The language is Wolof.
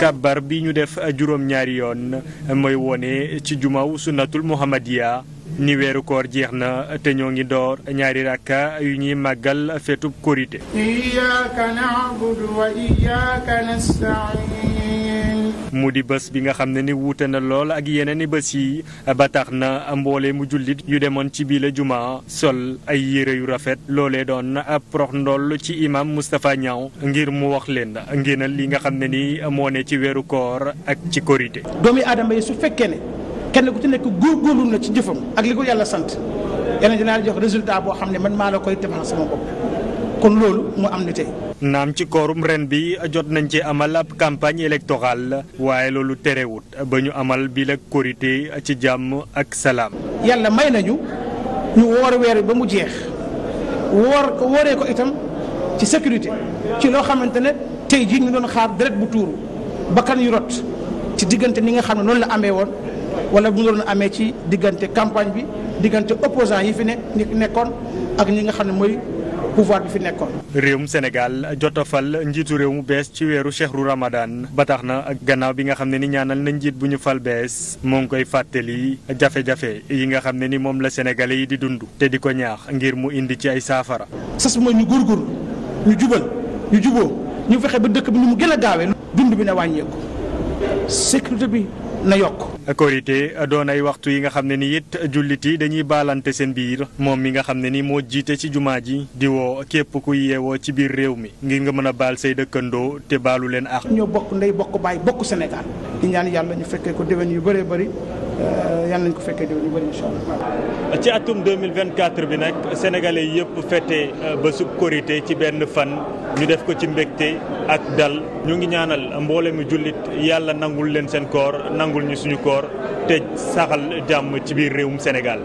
أكبر bi ñu def juróom ñaari yoon mooy wone ci jumaw sunnatul muhammadiya ni weeru koor jeex na te ñoo ngi door ñaari ràkka yu ñuy màggal fetub korité iyyaka na'budu wa iyyaka nasta'in mu di bés bi nga xam ne ni wuute na lool ak yeneen i bés yi batax na mboole mu jullit yu demoon ci biir la jumaa sol ay yére yu rafet loole doon prox ndoll ci imam Moustapha ñaw ngir mu wax leen ngeen li nga xam ne ni moo ne ci weeru koor ak ci korité doomi aadama yi su fekkee ne kenn ku ci nekk góor góorgóorlu na ci jëfam ak li ko yàlla sant yàlla dinaa jox résultat boo xam ne man maa la koy defal sama bopp kon loolu mu am ni tey. naam ci koorum ren bi jot nañ ci amal ab campagne électorale waaye loolu terewut ba ñu amal bi la korité ci jàmm ak salaam. yàlla may nañu ñu woor weer ba mu jeex woor wooree ko itam ci sécurité ci loo xamante ne tey jii ñu doon xaar deret bu tuuru bakkan yu rot ci diggante ni nga xam ne noonu la amee woon wala bu doon amee ci diggante campagne bi diggante opposant yi fi ne nekkoon ak ñi nga xam ne mooy. pouvoir bi fi nekkoon. réewum Sénégal jotofal njiitu réew mu bees ci weeru chehru Ramadan ba tax na gannaaw bi nga xam ne ni ñaanal na njiit bu ñu fal bees moo ngi koy fàttali jafe-jafe yi nga xam ne ni moom la sénégalais yi di dund te di ko ñaax ngir mu indi ci ay saafara. sas mooy ñu góorgóorlu ñu jubal ñu juboo ñu fexe ba dëkk bi ni mu gën a gaawee. dund bi na wàññeeku sécurité bi. na yokk. korité doon ay waxtu yi nga xam ne ni it jullit yi dañuy baalante seen biir moom mi nga xam ne ni moo jiite ci jumaa ji di woo képp ku yeewoo ci biir réew mi ngir nga mën a baal say dëkkandoo te baalu leen ax ñoo bokk ndey bokk baay bokk Sénégal di yàlla ñu fekkee ko déwén yu bëree bari Euh, yàlla nañ ko fekkee déwén yu bëri incha allah. ci atum bi nag sénégalais yëpp fete euh, ba su korité ci benn fan ñu def ko ci mbégte ak dal ñu ngi ñaanal mboole mi jullit yàlla nangul leen seen koor nangul ñu suñu koor te saxal jàmm ci biir réewum Sénégal.